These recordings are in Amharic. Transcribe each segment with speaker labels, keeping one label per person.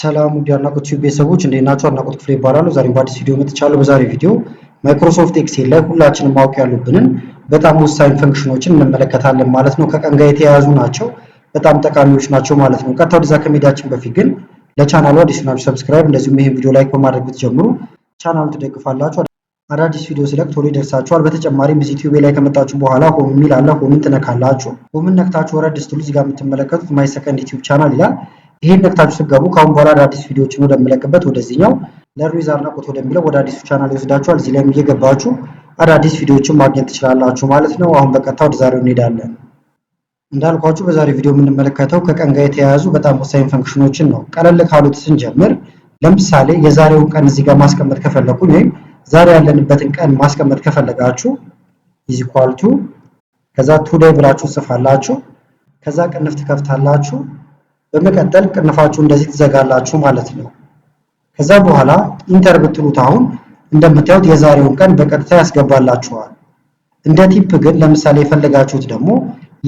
Speaker 1: ሰላም ውድ የአድናቆት ቲዩብ ቤተሰቦች እንዴት ናችሁ? አድናቆት ክፍሌ ይባላሉ። ዛሬ በአዲስ ቪዲዮ መጥቻለሁ። በዛሬ ቪዲዮ ማይክሮሶፍት ኤክሴል ላይ ሁላችንም ማወቅ ያሉብንን በጣም ወሳኝ ፈንክሽኖችን እንመለከታለን ማለት ነው። ከቀን ጋር የተያያዙ ናቸው፣ በጣም ጠቃሚዎች ናቸው ማለት ነው። ቀጥታ ወደዛ ከመሄዳችን በፊት ግን ለቻናሉ አዲስ ናችሁ ሰብስክራይብ፣ እንደዚሁም ይህን ቪዲዮ ላይክ በማድረግ ብትጀምሩ ቻናሉ ትደግፋላችሁ፣ አዳዲስ ቪዲዮ ስለቅ ቶሎ ይደርሳችኋል። በተጨማሪም እዚህ ዩቲዩብ ላይ ከመጣችሁ በኋላ ሆም የሚል አለ፣ ሆምን ትነካላችሁ። ሆምን ነክታችሁ ወረድ ስትሉ እዚህ ጋር የምትመለከቱት ማይ ሰከንድ ዩቲዩብ ቻናል ይላል ይህን ነክታችሁ ስገቡ ከአሁን በኋላ አዳዲስ ቪዲዮዎችን ወደምለቅበት ወደዚህኛው ለርን ዊዝ አድናቆት ወደሚለው ወደ አዲሱ ቻናል ይወስዳችኋል። እዚህ ላይም እየገባችሁ አዳዲስ ቪዲዮዎችን ማግኘት ትችላላችሁ ማለት ነው። አሁን በቀጥታ ወደ ዛሬው እንሄዳለን። እንዳልኳችሁ በዛሬ ቪዲዮ የምንመለከተው ከቀን ጋር የተያያዙ በጣም ወሳኝ ፈንክሽኖችን ነው። ቀለል ካሉት ስንጀምር ለምሳሌ የዛሬውን ቀን እዚህ ጋር ማስቀመጥ ከፈለኩኝ ወይም ዛሬ ያለንበትን ቀን ማስቀመጥ ከፈለጋችሁ ኢዚኳልቱ ከዛ ቱዴይ ብላችሁ ጽፋላችሁ። ከዛ ቅንፍ ትከፍታላችሁ በመቀጠል ቅንፋችሁ እንደዚህ ትዘጋላችሁ ማለት ነው። ከዛ በኋላ ኢንተር ብትሉት አሁን እንደምታዩት የዛሬውን ቀን በቀጥታ ያስገባላችኋል። እንደ ቲፕ ግን ለምሳሌ የፈለጋችሁት ደግሞ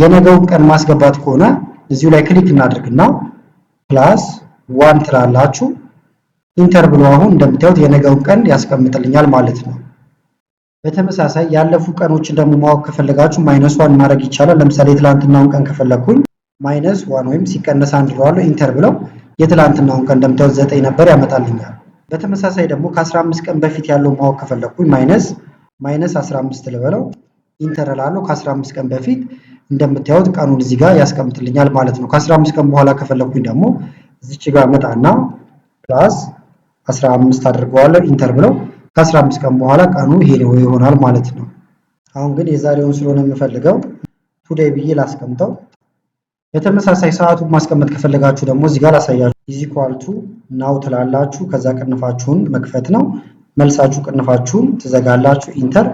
Speaker 1: የነገውን ቀን ማስገባት ከሆነ እዚሁ ላይ ክሊክ እናድርግና ፕላስ ዋን ትላላችሁ። ኢንተር ብሎ አሁን እንደምታዩት የነገውን ቀን ያስቀምጥልኛል ማለት ነው። በተመሳሳይ ያለፉ ቀኖችን ደግሞ ማወቅ ከፈለጋችሁ ማይነስ ዋን ማድረግ ይቻላል። ለምሳሌ የትላንትናውን ቀን ከፈለግኩኝ ማይነስ ዋን ወይም ሲቀነስ አንድ ይለዋለሁ ኢንተር ብለው የትላንትናውን ቀን እንደምታዩት ዘጠኝ ነበር ያመጣልኛል። በተመሳሳይ ደግሞ ከ15 ቀን በፊት ያለው ማወቅ ከፈለግኩኝ ማይነስ ማይነስ 15 ልበለው ኢንተር ላለው ከ15 ቀን በፊት እንደምታዩት ቀኑን እዚህ ጋር ያስቀምጥልኛል ማለት ነው። ከ15 ቀን በኋላ ከፈለግኩኝ ደግሞ እዚች ጋር መጣና ፕላስ 15 አድርገዋለሁ ኢንተር ብለው ከ15 ቀን በኋላ ቀኑ ይሄ ይሆናል ማለት ነው። አሁን ግን የዛሬውን ስለሆነ የምፈልገው ቱዴይ ብዬ ላስቀምጠው። በተመሳሳይ ሰዓቱን ማስቀመጥ ከፈለጋችሁ ደግሞ እዚህ ጋር ላሳያችሁ። ኢዚኳልቱ ናው ትላላችሁ። ከዛ ቅንፋችሁን መክፈት ነው። መልሳችሁ ቅንፋችሁን ትዘጋላችሁ። ኢንተር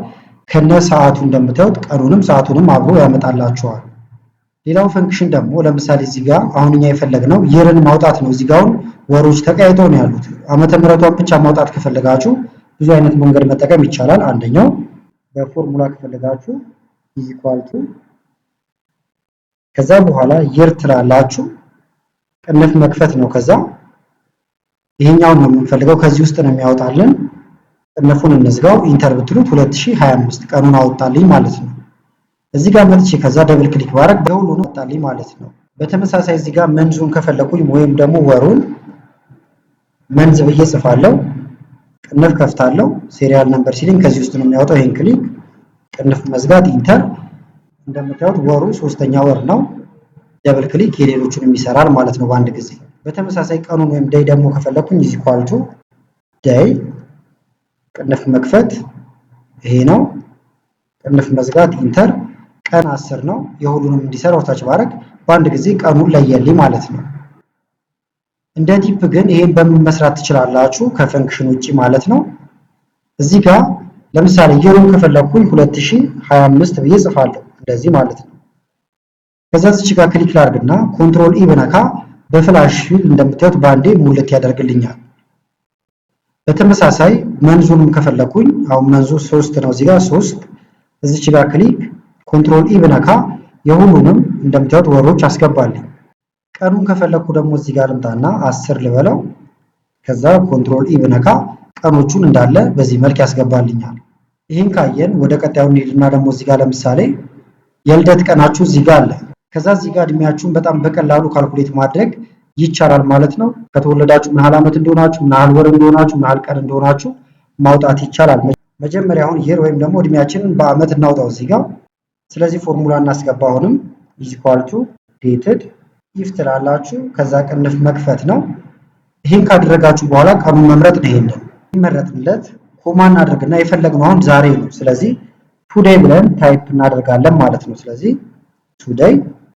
Speaker 1: ከነ ሰዓቱ እንደምታዩት ቀኑንም ሰዓቱንም አብሮ ያመጣላችኋል። ሌላው ፈንክሽን ደግሞ ለምሳሌ እዚህ ጋር አሁን እኛ የፈለግነው የርን ማውጣት ነው። እዚህ ወሮች ተቀያይተው ነው ያሉት። ዓመተ ምሕረቷን ብቻ ማውጣት ከፈለጋችሁ ብዙ አይነት መንገድ መጠቀም ይቻላል። አንደኛው በፎርሙላ ከፈለጋችሁ ኢዚኳልቱ ከዛ በኋላ የር ትላላችሁ ቅንፍ መክፈት ነው። ከዛ ይሄኛው ነው የምንፈልገው። ከዚህ ውስጥ ነው የሚያወጣልን። ቅንፉን እንዝጋው። ኢንተር ብትሉት 2025 ቀኑን አወጣልኝ ማለት ነው። እዚህ ጋር መጥቼ ከዛ ደብል ክሊክ ባረግ ነው አወጣልኝ ማለት ነው። በተመሳሳይ እዚህ ጋር መንዙን ከፈለኩኝ ወይም ደግሞ ወሩን መንዝ ብዬ ጽፋለሁ። ቅንፍ ከፍታለሁ። ሴሪያል ነምበር ሲልኝ ከዚህ ውስጥ ነው የሚያወጣው። ይሄን ክሊክ ቅንፍ መዝጋት ኢንተር እንደምታዩት ወሩ ሶስተኛ ወር ነው። ደብል ክሊክ የሌሎቹንም ይሰራል ማለት ነው በአንድ ጊዜ። በተመሳሳይ ቀኑን ወይም ደይ ደግሞ ከፈለኩኝ እዚህ ኳልቱ ደይ ቅንፍ መክፈት ይሄ ነው። ቅንፍ መዝጋት ኢንተር። ቀን አስር ነው። የሁሉንም እንዲሰራ ወታች ባረግ በአንድ ጊዜ ቀኑን ለየልኝ ማለት ነው። እንደ ቲፕ ግን ይሄን በምን መስራት ትችላላችሁ? ከፈንክሽን ውጪ ማለት ነው። እዚህ ጋር ለምሳሌ የሩን ከፈለኩኝ 2025 ብዬ ጽፋለሁ። እንደዚህ ማለት ነው። ከዛ እዚች ጋር ክሊክ ላድርግና ኮንትሮል ኢ በነካ በፍላሽ ፊልድ እንደምታዩት በአንዴ ሙለት ያደርግልኛል። በተመሳሳይ መንዙንም ከፈለኩኝ አሁን መንዙ ሶስት ነው ጋር ሶስት እዚች ጋር ክሊክ ኮንትሮል ኢ በነካ የሁሉንም እንደምታዩት ወሮች አስገባልኝ። ቀኑን ከፈለኩ ደግሞ እዚህ ጋር ልምጣና አስር ልበለው። ከዛ ኮንትሮል ኢ በነካ ቀኖቹን እንዳለ በዚህ መልክ ያስገባልኛል። ይህን ካየን ወደ ቀጣዩ እንሂድና ደግሞ እዚህ ጋር ለምሳሌ የልደት ቀናችሁ እዚህ ጋር አለ። ከዛ እዚህ ጋር እድሜያችሁን በጣም በቀላሉ ካልኩሌት ማድረግ ይቻላል ማለት ነው። ከተወለዳችሁ ምን ያህል ዓመት እንደሆናችሁ፣ ምን ያህል ወር እንደሆናችሁ፣ ምን ያህል ቀን እንደሆናችሁ ማውጣት ይቻላል። መጀመሪያ አሁን ይር ወይም ደግሞ እድሜያችንን በዓመት እናውጣው እዚህ ጋር። ስለዚህ ፎርሙላ እናስገባ። አሁንም ኢዚኳልቱ ዴትድ ኢፍ ትላላችሁ። ከዛ ቅንፍ መክፈት ነው። ይህን ካደረጋችሁ በኋላ ቀኑን መምረጥ ነው። ይሄንን ይመረጥለት ኮማ እናደርግና የፈለግነው አሁን ዛሬ ነው። ስለዚህ ቱዴይ ብለን ታይፕ እናደርጋለን ማለት ነው። ስለዚህ ቱዴይ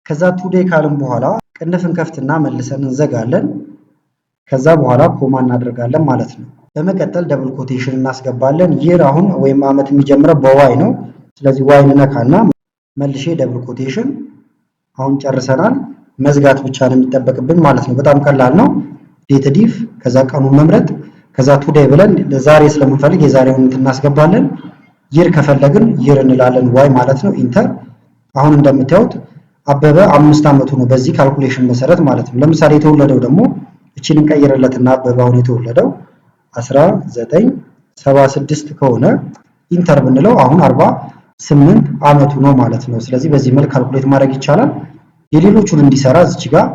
Speaker 1: ከዛ ቱዴይ ካልን በኋላ ቅንፍን ከፍትና መልሰን እንዘጋለን። ከዛ በኋላ ኮማ እናደርጋለን ማለት ነው። በመቀጠል ደብል ኮቴሽን እናስገባለን። ይር አሁን ወይም ዓመት የሚጀምረው በዋይ ነው። ስለዚህ ዋይን ነካና መልሼ ደብል ኮቴሽን አሁን ጨርሰናል። መዝጋት ብቻ ነው የሚጠበቅብን ማለት ነው። በጣም ቀላል ነው። ዴት ዲፍ ከዛ ቀኑን መምረጥ ከዛ ቱዴይ ብለን ዛሬ ስለምንፈልግ የዛሬውን እናስገባለን። ይር ከፈለግን ይር እንላለን ዋይ ማለት ነው ኢንተር። አሁን እንደምታዩት አበበ አምስት ዓመቱ ነው በዚህ ካልኩሌሽን መሰረት ማለት ነው። ለምሳሌ የተወለደው ደግሞ እቺን እንቀይርለትና አበበ አሁን የተወለደው 1976 ከሆነ ኢንተር ብንለው አሁን 48 ዓመቱ ነው ማለት ነው። ስለዚህ በዚህ መልክ ካልኩሌት ማድረግ ይቻላል። የሌሎቹን እንዲሰራ እዚች ጋር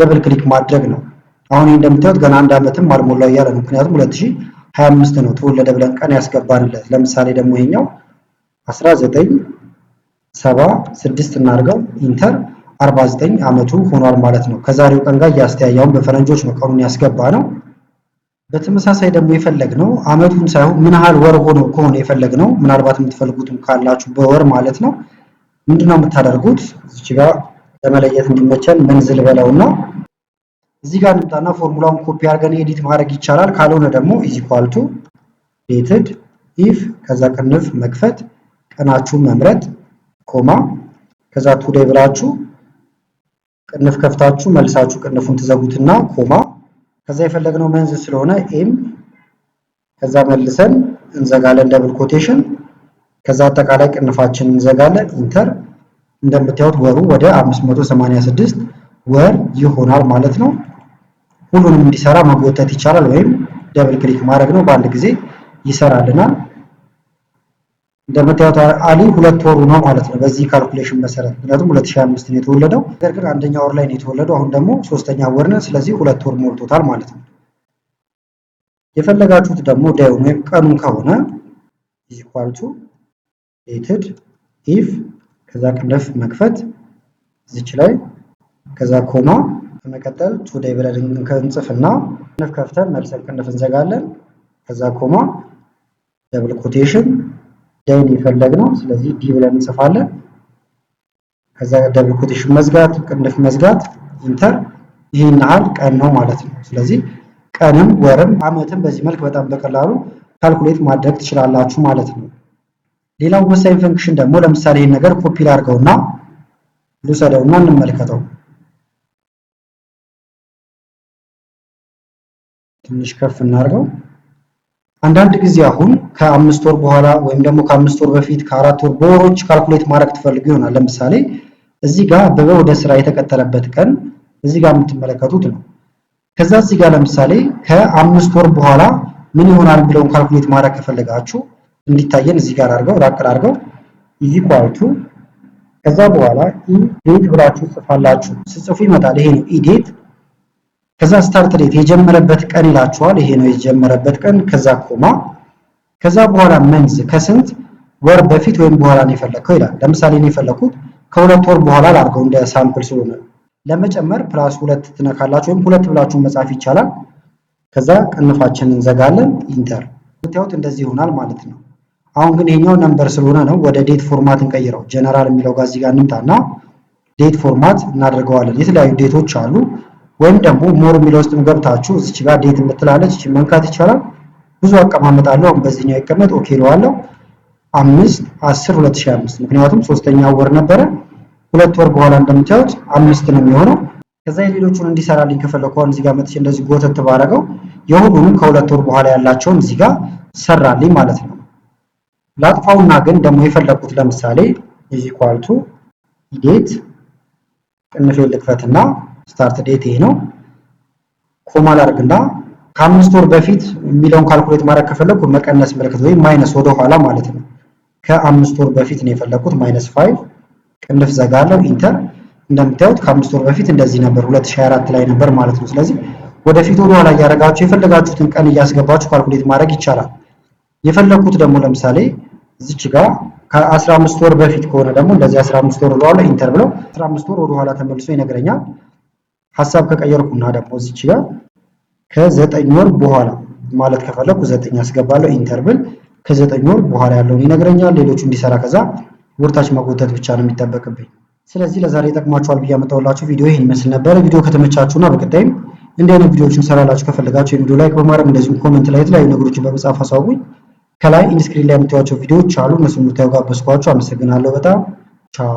Speaker 1: ደብል ክሊክ ማድረግ ነው። አሁን እንደምታዩት ገና አንድ ዓመትም አልሞላው እያለ ነው ምክንያቱም 2000 ሀያ አምስት ነው ተወለደ ብለን ቀን ያስገባንለት። ለምሳሌ ደግሞ ይሄኛው አስራ ዘጠኝ ሰባ ስድስት እናድርገው ኢንተር 49 ዓመቱ ሆኗል ማለት ነው። ከዛሬው ቀን ጋር እያስተያየውን በፈረንጆች ነው ቀኑን ያስገባ ነው። በተመሳሳይ ደግሞ ነው ዓመቱን ሳይሆን ምን ያህል ወር ሆኖ ከሆነ ነው ምናልባት የምትፈልጉትም ካላችሁ በወር ማለት ነው ምንድነው የምታደርጉት እዚች ጋር ለመለየት እንዲመቸን መንዝል በለውና እዚህ ጋር እንምጣና ፎርሙላውን ኮፒ አድርገን ኤዲት ማድረግ ይቻላል። ካልሆነ ደግሞ ኢዝ ኢኳል ቱ ዴትድ ኢፍ ከዛ ቅንፍ መክፈት ቀናችሁን መምረጥ ኮማ ከዛ ቱዴይ ብላችሁ ቅንፍ ከፍታችሁ መልሳችሁ ቅንፉን ትዘጉትና ኮማ ከዛ የፈለግነው መንዝ ስለሆነ ኤም ከዛ መልሰን እንዘጋለን ደብል ኮቴሽን ከዛ አጠቃላይ ቅንፋችን እንዘጋለን ኢንተር እንደምታዩት ወሩ ወደ 586 ወር ይሆናል ማለት ነው። ሁሉንም እንዲሰራ መጎተት ይቻላል፣ ወይም ደብል ክሊክ ማድረግ ነው። በአንድ ጊዜ ይሰራልናል። እንደምታዩት አሊ ሁለት ወሩ ነው ማለት ነው በዚህ ካልኩሌሽን መሰረት፣ ምክንያቱም 2025 ነው የተወለደው። ነገር ግን አንደኛ ወር ላይ ነው የተወለደው። አሁን ደግሞ ሶስተኛ ወር ነው። ስለዚህ ሁለት ወር ሞልቶታል ማለት ነው። የፈለጋችሁት ደግሞ ዳዩን ወይም ቀኑን ከሆነ ኢኳልቱ ዴትድ ኢፍ ከዛ ቅንፍ መክፈት እዚች ላይ ከዛ ኮማ በመቀጠል ቱዴይ ብለን እንጽፍና ክንፍ ከፍተን መልሰን ክንፍ እንዘጋለን። ከዛ ኮማ ደብል ኮቴሽን ዳይን የፈለግ ነው። ስለዚህ ዲ ብለን እንጽፋለን። ከዛ ደብል ኮቴሽን መዝጋት፣ ቅንፍ መዝጋት፣ ኢንተር። ይህን ያህል ቀን ነው ማለት ነው። ስለዚህ ቀንም ወርም አመትም በዚህ መልክ በጣም በቀላሉ ካልኩሌት ማድረግ ትችላላችሁ ማለት ነው። ሌላው ወሳኝ ፈንክሽን ደግሞ ለምሳሌ ይህን ነገር ኮፒ ላድርገውና ልውሰደውና እንመልከተው። ትንሽ ከፍ እናድርገው። አንዳንድ ጊዜ አሁን ከአምስት ወር በኋላ ወይም ደግሞ ከአምስት ወር በፊት ከአራት ወር በወሮች ካልኩሌት ማድረግ ትፈልጉ ይሆናል። ለምሳሌ እዚህ ጋር አበበ ወደ ስራ የተቀጠረበት ቀን እዚህ ጋር የምትመለከቱት ነው። ከዛ እዚህ ጋር ለምሳሌ ከአምስት ወር በኋላ ምን ይሆናል ብለውን ካልኩሌት ማድረግ ከፈለጋችሁ እንዲታየን እዚህ ጋር አድርገው ራቅር አድርገው ኢኳልቱ ከዛ በኋላ ኢዴት e ብላችሁ ጽፋላችሁ። ስጽፉ ይመጣል። ይሄ ነው ኢዴት e ከዛ ስታርት ዴት የጀመረበት ቀን ይላችኋል። ይሄ ነው የጀመረበት ቀን። ከዛ ኮማ፣ ከዛ በኋላ መንዝ ከስንት ወር በፊት ወይም በኋላ ነው የፈለግከው ይላል። ለምሳሌ ነው የፈለግኩት ከሁለት ወር በኋላ ላርገው እንደ ሳምፕል ስለሆነ ለመጨመር ፕላስ ሁለት ትነካላችሁ ወይም ሁለት ብላችሁ መጻፍ ይቻላል። ከዛ ቅንፋችን እንዘጋለን። ኢንተር ምታዩት እንደዚህ ይሆናል ማለት ነው። አሁን ግን ይሄኛው ነምበር ስለሆነ ነው ወደ ዴት ፎርማት እንቀይረው። ጀነራል የሚለው ጋር እዚህ ጋር እንምጣና ዴት ፎርማት እናደርገዋለን። የተለያዩ ዴቶች አሉ። ወይም ደግሞ ሞር የሚለው ውስጥም ገብታችሁ እዚች ጋር ዴት እንትላለች እቺ መንካት ይቻላል። ብዙ አቀማመጥ አለው። አሁን በዚህኛው ይቀመጥ ኦኬ እለዋለሁ። አምስት አስር ሁለት ሺህ አምስት ምክንያቱም ሶስተኛ ወር ነበረ። ሁለት ወር በኋላ እንደምታዩት አምስት ነው የሚሆነው። ከዛ የሌሎቹን እንዲሰራልኝ ከፈለኩ አሁን እዚህ ጋር መጥቼ እንደዚህ ጎተት ባረገው የሁሉንም ከሁለት ወር በኋላ ያላቸውን እዚህ ጋር ሰራልኝ ማለት ነው። ላጥፋውና ግን ደግሞ የፈለኩት ለምሳሌ ኢዝ ኢኳል ቱ ዴት ቅንፌ ልክፈትና ስታርት ዴት ይሄ ነው። ኮማ ላርግና ከአምስት ወር በፊት የሚለውን ካልኩሌት ማድረግ ከፈለኩ መቀነስ ምልክት ወይም ማይነስ ወደኋላ ማለት ነው። ከአምስት ወር በፊት ነው የፈለኩት ማይነስ ፋይቭ ቅንፍ ዘጋለው ኢንተር። እንደምታዩት ከአምስት ወር በፊት እንደዚህ ነበር 2024 ላይ ነበር ማለት ነው። ስለዚህ ወደፊት ወደኋላ እያደረጋችሁ የፈለጋችሁትን ቀን እያስገባችሁ ካልኩሌት ማድረግ ይቻላል። የፈለኩት ደግሞ ለምሳሌ እዚች ጋር ከአስራ አምስት ወር በፊት ከሆነ ደግሞ እንደዚህ 15 ወር ወደኋላ ኢንተር ብለው 15 ወር ወደኋላ ተመልሶ ይነግረኛል። ሀሳብ ከቀየርኩና ደግሞ እዚች ጋር ከዘጠኝ ወር በኋላ ማለት ከፈለኩ ዘጠኝ አስገባለሁ። ኢንተርብል ከዘጠኝ ወር በኋላ ያለውን ይነግረኛል። ሌሎቹ እንዲሰራ ከዛ ወርታች መጎተት ብቻ ነው የሚጠበቅብኝ። ስለዚህ ለዛሬ ይጠቅማችኋል ብዬ አመጣውላችሁ ቪዲዮ ይህን ይመስል ነበረ። ቪዲዮ ከተመቻችሁና በቀጣይም እንዲህ አይነት ቪዲዮዎችን እንሰራላችሁ ከፈለጋችሁ ቪዲዮ ላይክ በማድረግ እንደዚሁም ኮመንት ላይ የተለያዩ ነገሮችን በመጻፍ አሳውቁኝ። ከላይ ኢንስክሪን ላይ የምታዩቸው ቪዲዮዎች አሉ። እነሱም የምታዩ አመሰግናለሁ በጣም ቻው።